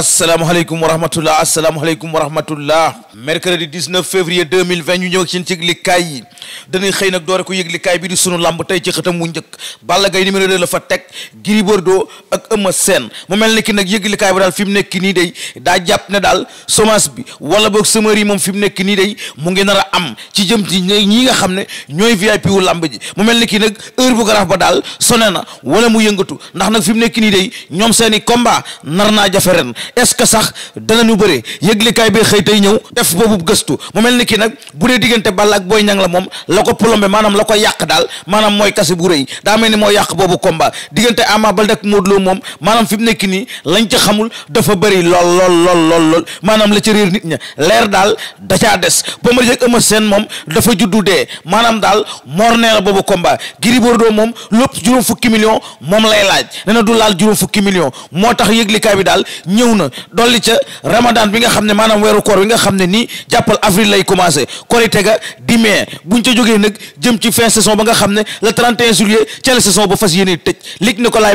asalaamaaleykum wa rahmatullah asalaamaaleykum wa rahmatullah mercredi 19 février 2020 ñu ñëw ak ci yëglikaay yi dañuy xëy nag doore ko yëglikaay bi di sunu làmb tey ci xëtam mu njëkk Balla Gaye numéro 2 la fa teg Gris Bordeaux ak Eumeu seen mu mel ni ki nag yëglikaay bi daal fi mu nekk nii day daa jàpp ne daal semence bi wala boog semeur yi moom fi mu nekk nii day mu ngi nar a am ci jëm ci ñi nga xam ne ñooy VIP wu làmb ji mu mel ni ki nag heure bu garaaf ba daal sone na wala mu yëngatu ndax nag fi mu nekk nii day ñoom seeni combat nar naa jafe ren est-ce que sax danañu bëre yëglikaay bi xëy tey ñëw def boobu gëstu mu mel ni kii nag bu dee diggante Balla ak booy Niang la moom la ko plombé maanaam la ko yàq daal maanaam mooy kase bu rëy daa mel ni moo yàq boobu combat diggante Ama Baldé ak Modou Lo moom maanaam fi mu nekk nii lañ ca xamul dafa bëri lool lool lool lool lool maanaam la ca réer nit ña leer daal da caa des ba ma jëg Eumeu Sène moom dafa juddu dee maanaam daal mor nee na boobu combat Gris Bordeaux moom lépp juróom fukki million moom lay laaj nee du laal juróom fukki million moo tax yëglikaay bi daal na dolli ca ramadan bi nga xam ne maanaam weeru koor bi nga xam ne nii jàppal avril lay commencé korite ga di mai buñ ca jógee nag jëm ci fin saison ba nga xam ne le 31 juillet ca la saison ba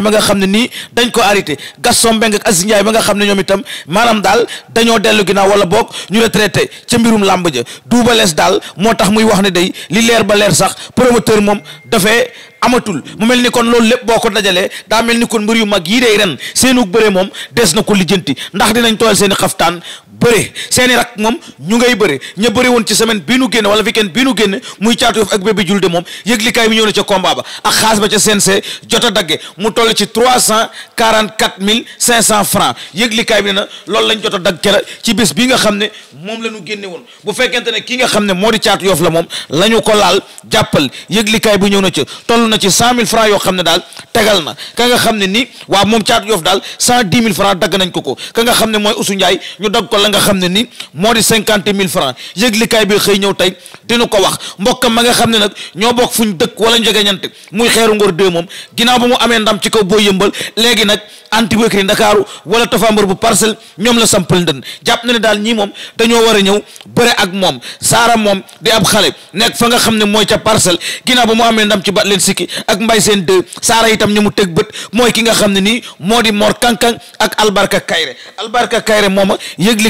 ma nga xam ne nii dañ ko arrêté Gaston Mbengue ak Aziz Ndiaye ba nga xam ne ñoom itam maanaam daal dañoo dellu ginnaaw wala boog ñu retraité ca mbirum làmb ja duubalees daal moo tax muy wax ne day li leer ba leer sax promoteur moom dafee amatul mu mel ni kon loolu lépp boo ko dajalee daa mel ni kon mbër yu mag yii dey ren seenu bëre moom des na ko lijjanti ndax dinañ tooyal seen i xaftaan bëre seeni rak moom ñu ngay bëre ña bëre woon ci semaine bi nu génne wala weekend bi nu génn muy caatu yof ak bébé julde moom yëglikaay bi ñëw na ca combat ba ak xaas ba ca CNC jot a dagge mu toll ci trois cent quarante quatre mille cinq cent francs yëglikaay bi ne na loolu lañ jot dagg la ci bés bi nga xam ne moom la ñu génne woon bu fekkente ne ki nga xam ne moo di caatu yof la moom la ñu ko laal jàppal yëglikaay bi ñëw na ca toll na ci cent mille francs yoo xam ne daal tegal na ka nga xam ne ni waa moom caatu yof daal cent dix mille francs dagg nañ ko ko ka nga xam ne mooy Usu Njaay ñu dagg ko la nga xam ne ni moo di cinquante mille francs yëglikaay bi xëy ñëw tey dinu ko wax mbokkam ma nga xam ne nag ñoo bokk fuñ dëkk wala njegeñante muy xeeru ngor deux moom ginnaaw ba mu amee ndam ci kaw boo yëmbal léegi nag antibacri ndakaaru wala tafambar bu parcelle ñoom la sampal ndën jàpp na ne daal ñii moom dañoo war a ñëw bëre ak moom saara moom di ab xale nekk fa nga xam ne mooy ca parcelle ginnaaw ba mu amee ndam ci ba bat leen sikki ak mbay seen deux saara itam ñu mu teg bët mooy ki nga xam ne nii moo di mor kankang ak albarka kayre albarka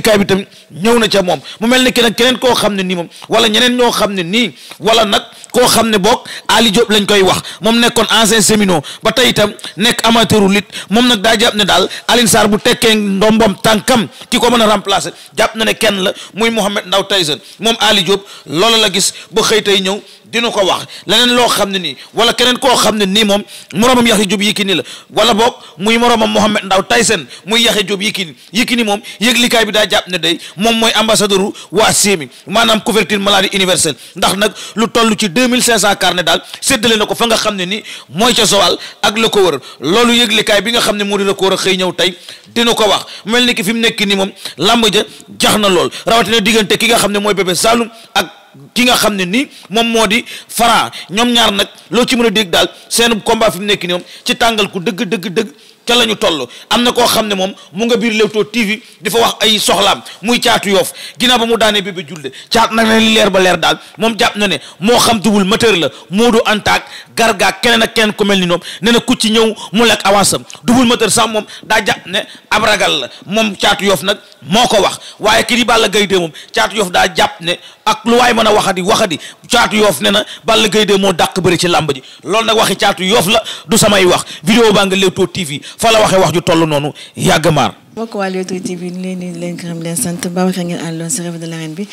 yéenekaay bi tamit ñëw na ca moom mu mel ni keneen keneen koo xam ne nii moom wala ñeneen ñoo xam ne nii wala nag koo xam ne boog Ali Diop lañ koy wax moom nekkoon ancien sémino ba tey itam nekk amateuru lit moom nag daa jàpp ne daal Alioune Sarr bu tekkee ndombom tànkam ki ko mën a remplacer jàpp na ne kenn la muy Mouhamed Ndao Tyson moom Ali Diop loola la gis ba xëy tey ñëw dina ko wax leneen loo xam ne nii wala keneen koo xam ne nii moom moroomam Yaxya Jóob Yékini la wala boog muy moroomam Mohamed Ndao Tyson muy Yaxya Jóob Yékini Yékini moom yëglikaay bi daa jàpp ne day moom mooy ambassadeur waa séemi maanaam couverture maladie universelle ndax nag lu toll ci deux mille cinq cent carnet daal séddale na ko fa nga xam ne nii mooy ca Joal ak la ko wër loolu yëglikaay bi nga xam ne moo di record a xëy ñëw tey dina ko wax mel ni ki fi mu nekk nii moom làmb ja jax na lool rawatina ki nga xam ne mooy bébé Saloum ak ki nga xam ne ni moom moo di Franc ñoom ñaar nag loo ci mën a dégg daal seen combat fi mu nekk nii moom ci tàngal ku dëgg dëgg dëgg ca la ñu toll am na koo xam ne moom mu nga biir Leewtoo TV di fa wax ay soxlaam muy caatu yoof ginnaaw ba mu daanee bébé julde caat nag na leer ba leer daal moom jàpp na ne moo xam double moteur la Modou antaak gargaak keneen ak keneen ku mel ni ne na ku ci ñëw mu lekk avance am double moteur sax moom daa jàpp ne ab ragal la moom caatu yoof nag moo ko wax waaye kii di Balla Gaye moom caatu yoof daa jàpp ne ak lu waay mën a waxati waxati caatu yoof ne na Balla Gaye 2 moo daq bëri ci làmb ji loolu nag waxi caatu yoof la du samay wax vidéo baa nga Leewtoo TV fa la waxee wax ñu toll noonu yàgg maar. mbokk waa Leewtoo TV ñu leen di leen gërëm leen sant Babacar ngeen àndoon si revue de l'arène bi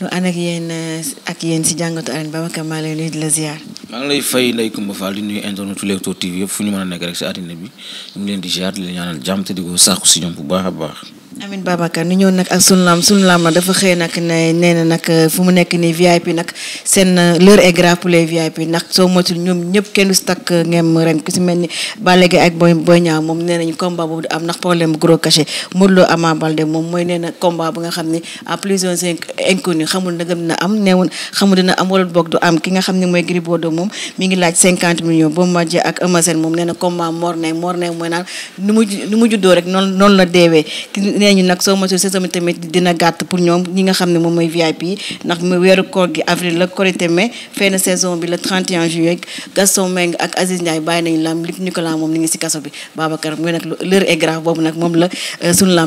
ñu ànd ak yéen eh, ak yéen si jàngatu arène Babacar maa lay nuyu di la ziar. maa ngi lay fay Ndeye Coumba Fall di nuyu internetu Leewtoo TV yëpp fu ñu mën a nekk rek si àddina bi ñu leen di ziar di leen ñaanal jàmm te di ko sàkku si ñoom bu baax a baax. Amin Babacar ñu ñëw nag ak sunu laam sunu laam dafa xëy nag ne nee na fu mu nekk nii VIP nag seen euh, l'heure est grave pour les VIP ndax soo moytul ñoom ñëpp kenn du si takk ngem ren ku si mel ni Balla Gaye ak booy booy Niang moom nee nañu combat boobu du am ndax problème gros cachet moom mooy nee na combat nga xam ni à plusieurs inconnus xamul nagam dina am neewul xamul dina am wala boog du am ki nga xam ne mooy Gris Bordeaux moom mi ngi laaj cinquante millions Bombardier ak Eumeu moom nee na combat mor ne mor ne mooy naan mu nu mu juddoo rek noonu noonu la deewee nee ñu nag soo mosul saison bi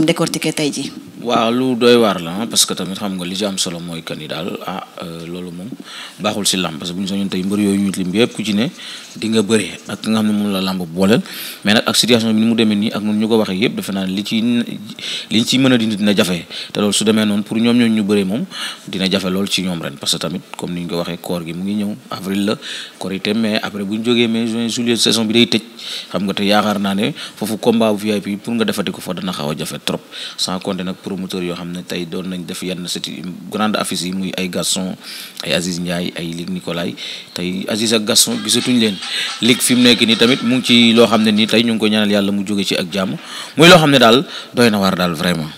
euh, ji waaw lu doy waar la parce que tamit xam nga li ci solo mooy kan yi daal ah, euh, loolu moom baaxul si lamb parce que bu ñu soñoon tey mbër yooyu ñu lim bi ku ci ne di ak nga xam ne moom la lamb booleel mais nag ak situation bi ni mu demee nii ak noonu ñu ko waxee yëpp defe naa li ci liñ ci mën a dindi dina jafe te loolu su demee noonu pour ñoom ñu bëree moom dina jafe lool ci ñoom ren parce tamit comme ni ñu ko waxee koor gi mu ngi ñëw avril la korité mais après nga te yaakaar foofu dana xaw jafe trop sans compter nag promoteur yoo xam ne tey doon nañ def yenn seti grande affiche yi muy ay Gaston ay Aziz Ndiaye ay Ligue Nicolay tey Aziz ak Gaston gisatuñ leen Ligue fi mu nekk nii tamit mu ci loo xam ne nii tey ñu ngi ko ñaanal yàlla vraiment.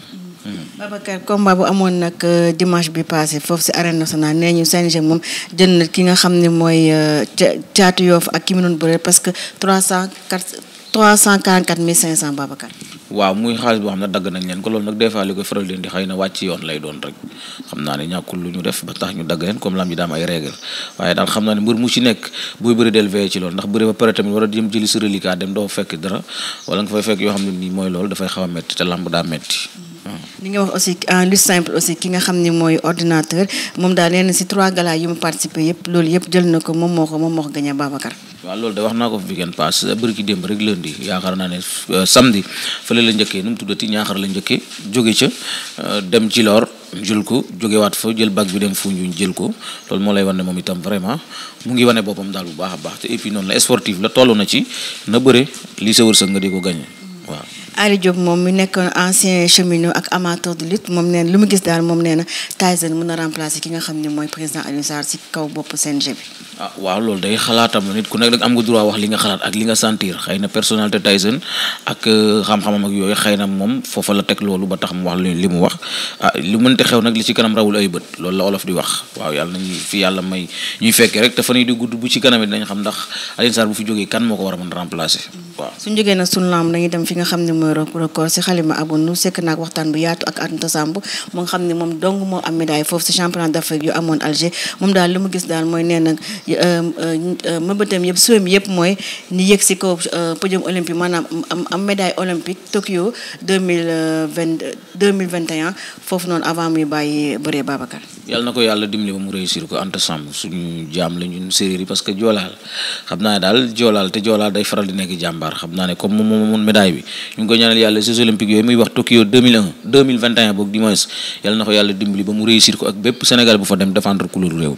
Babacar combat bu amoon nag euh, dimanche bi passé foofu si arène nationale nee ñu CNG moom jël na ki nga xam ne mooy euh, caatu yoof ak ki mu doon bëree parce que trois cent quatre trois cent quarante quatre mille cinq cent Babacar. waaw muy xaalis boo xam ne dagg nañ leen ko loolu nag des fois li koy faral leen di xëy na wàcc yoon lay doon rek xam naa ne ñàkkul lu ñu def ba tax ñu dagg leen comme lam ji daam ay règle waaye daal xam naa ne mbir mu ci nekk booy bëri del veillé ci loolu ndax bëri ba pare tamit war a jëm jëli sa reliquat dem doo fekk dara wala nga fay fekk yoo xam ne nii mooy loolu dafay xaw a metti te lamb daa metti li nga wax aussi en euh, lu simple aussi ki nga xam ni mooy ordinateur moom daal nee na si trois gala yu mu participé yëpp loolu yëpp jël na ko moom moo ko moom moo ko gagné Babacar. waaw loolu de wax naa ko fi weekend pass bëri ki démb rek lundi yaakaar naa ne euh, samedi fële la njëkkee nu mu tuddati ñaaxar la njëkke jóge ca euh, dem ci lor jël ko jógewaat fa jël bag bi dem Foundiougne jël ko loolu moo lay wan ne moom itam vraiment mu ngi wane boppam daal bu baax a baax te et noonu la sportif la toll na ci na bëre lii sa wërsëg nga di ko gagné. Aly Diop moom mi nekkoon ancien cheminot ak amateur de lutte moom nee na lu mu gis daal moom nee na Tyson mën na ki nga xam ne mooy président Alioune Sarr ah, li nga xalaat ak li na personnalité Tyson ak euh, xam-xamam ak la teg wax li mu wax ah lu la olof di wax waaw bu ci kanam xam ndax Alioune Sarr bu fi jógee kan moo ko war a mën remplacer mm-hmm. waaw. suñu jógee nag suñu lamb dañuy dem fi nga xam ne record si xalima abonu sekk naak waxtaan bu yaatu ak Anta Samb mu nga xam ne moom dong moo am médaille foofu si championnat d'Afrique yu amoon Alger moom daal lu mu gis daal mooy nee na euh, euh, mëbëtam yëpp suwem yëpp mooy ni yëg si kaw euh, podium olympique maanaam am médaille olympique Tokyo 2020 2021 foofu noonu avant muy bàyyi bëree Babacar yàlla na ko yàlla dimbali ba mu réussir ko Anta Samb suñu jaam la ñun séeréer yi parce que joolaal xam naa daal joolaal te joolaal day faral di ne koy ñaanal yàlla jeux olympiques yooyu muy wax Tokyo 2001 2021 boog du yàlla na ko yàlla dimbali ba mu réussir ko ak bépp Sénégal bu fa dem défendre couleur réew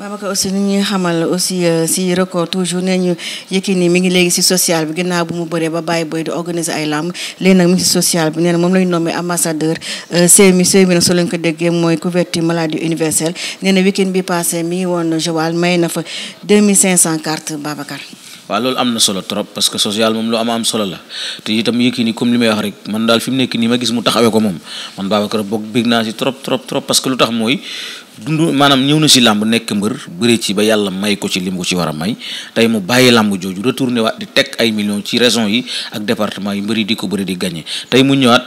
mi aussi ni ñuy xamal aussi euh, si record toujours nee ñu Yékini mi ngi léegi si social bi ginnaaw bu mu bëree ba bàyyi boy di organiser ay làmb léegi nag mi ngi si social bi nee moom lañ nommé ambassadeur CMU euh, CMU nag soo leen ko déggee mooy couverture maladie universelle nee na week-end bi passé mi ngi woon Joal may na fa 2500 cartes Babacar waaw loolu am na solo trop parce que social moom lu am am solo la te itam Yékini comme li may wax rek man daal fi mu nekk nii ma gis mu taxawee ko moom man Babacar boog bég naa si trop trop trop parce que lu tax mooy dund maanaam ñëw na si làmb nekk mbër bëri ci ba yàlla may ko ci lim ko war a may tey mu bàyyi làmb jooju retourné waat di teg ay millions ci régions yi ak département yi mbëri di ko bëri di gagné tey mu ñëwaat.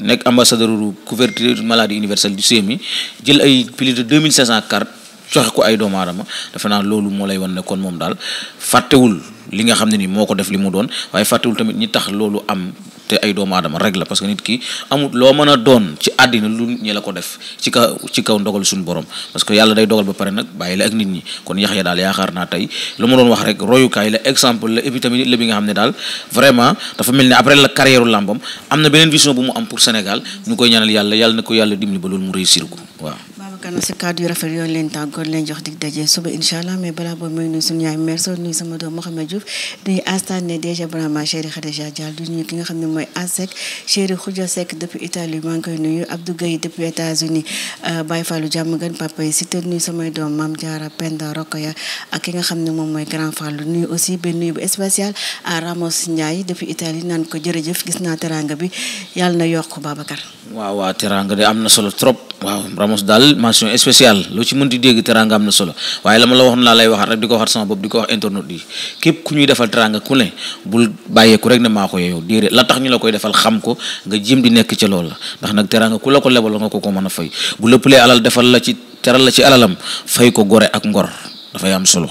nekk ambassadeur couverture maladie universelle du CMI jël ay plus de 2500 cartes joxe ko ay doomu aadama defe naa loolu moo lay wan ne kon moom daal fàttewul li nga xam ne ni moo ko def li mu doon waaye fàttewul tamit ñi tax loolu am te ay doomu adama rek la parce que nit ki amul loo mën a doon ci àddina lu ñi la ko def ci kaw ci kaw ndogal suñu borom parce que yàlla day dogal ba pare nag bàyyi la ak nit ñi kon Yaxya daal yaakaar naa tey lu ma doon wax rek royukaay la exemple la et tamit la bi nga xam ne daal vraiment dafa mel ni après la carrière làmbam am na beneen vision bu mu am pour Sénégal ñu koy ñaanal yàlla yàlla na ko yàlla dimbali ba loolu mu réussir ko yaakaar na si kàddu yu rafet yooyu leen tàggoon leen jox dig daje suba incha allah mais balaa boobu may nuyu suñu yaay mère soo nuyu sama doom xam ne mooy Asek chéri Khoudia Seck depuis Italie maa ngi koy nuyu Abdou Gueye depuis États-Unis euh, Baye Fallou jàmm gan papa yi si te nuyu samay doom Mame Diarra Penda Rokhaya ak ki nga xam ne moom mooy Grand Fallou nuyu aussi benn nuyu bu spécial à Ramos Ndiaye depuis Italie naan ko jërëjëf gis naa teranga bi yal na yokk Babacar waaw waaw teranga de am na solo trop mention spéciale loo ci mën di dégg teranga am na solo waaye la ma la waxoon laa lay waxaat rek di ko waxaat sama bopp di ko wax internet yi képp ku ñuy defal teranga ku ne bul bàyyeeku rek ne maa ko yow déedéet la tax ñu la koy defal xam ko nga jéem di nekk ca loolu ndax nag teranga ku la ko lebal nga ko ko mën a fay bu lëppalee alal defal la ci teral la ci alalam fay ko gore ak ngor dafay am solo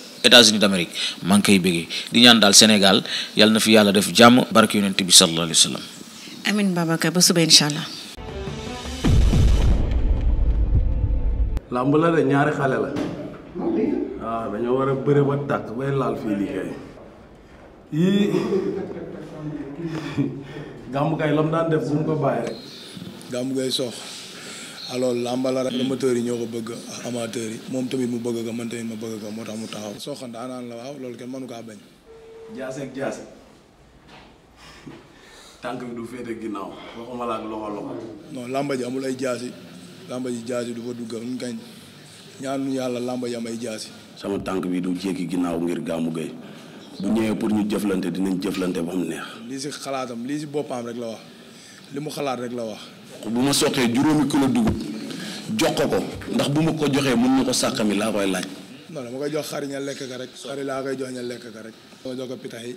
États-Unis d'Amérique maa ngi koy bëggee di ñaan daal Sénégal yàlla na fi yàlla def jàmm barke yonent bi sallallahu allah. waaw ah, dañoo war a bëre ba tàkk bay laal fii liggéey yii gàmmu lam daan def bu mu ko bàyyi rek. gàmmu sox. alors làmba la hmm. rek amateurs yi ñoo ko bëgg ak amateurs yi moom tamit mu bëgg ko mën tamit ma bëgg ko moo tax mu taxaw Sokh ndaanaan la waaw loolu kenn mënu kaa bañ jaase ak tànk bi du féete ginnaaw waxuma ji amul ay jaasi lamba ji jaasi du fa dugga ñu kañ yàlla lamba ji am ay jaasi sama tànk du jékki ginnaaw ngir gàmmu gay bu ñëwee pour ñu jëflante dinañ jëflante ba mu neex lii si xalaatam lii si boppam rek la wax li mu xalaat rek la wax bu ma soqee juróomi kilo dugub jox ko ndax bu ma ko joxee mën na ko sàkkami laa koy laaj. non ma koy jox xar ña lekk ka rek. xar laa koy jox ña lekk ka rek. ma jox ko pitax yi.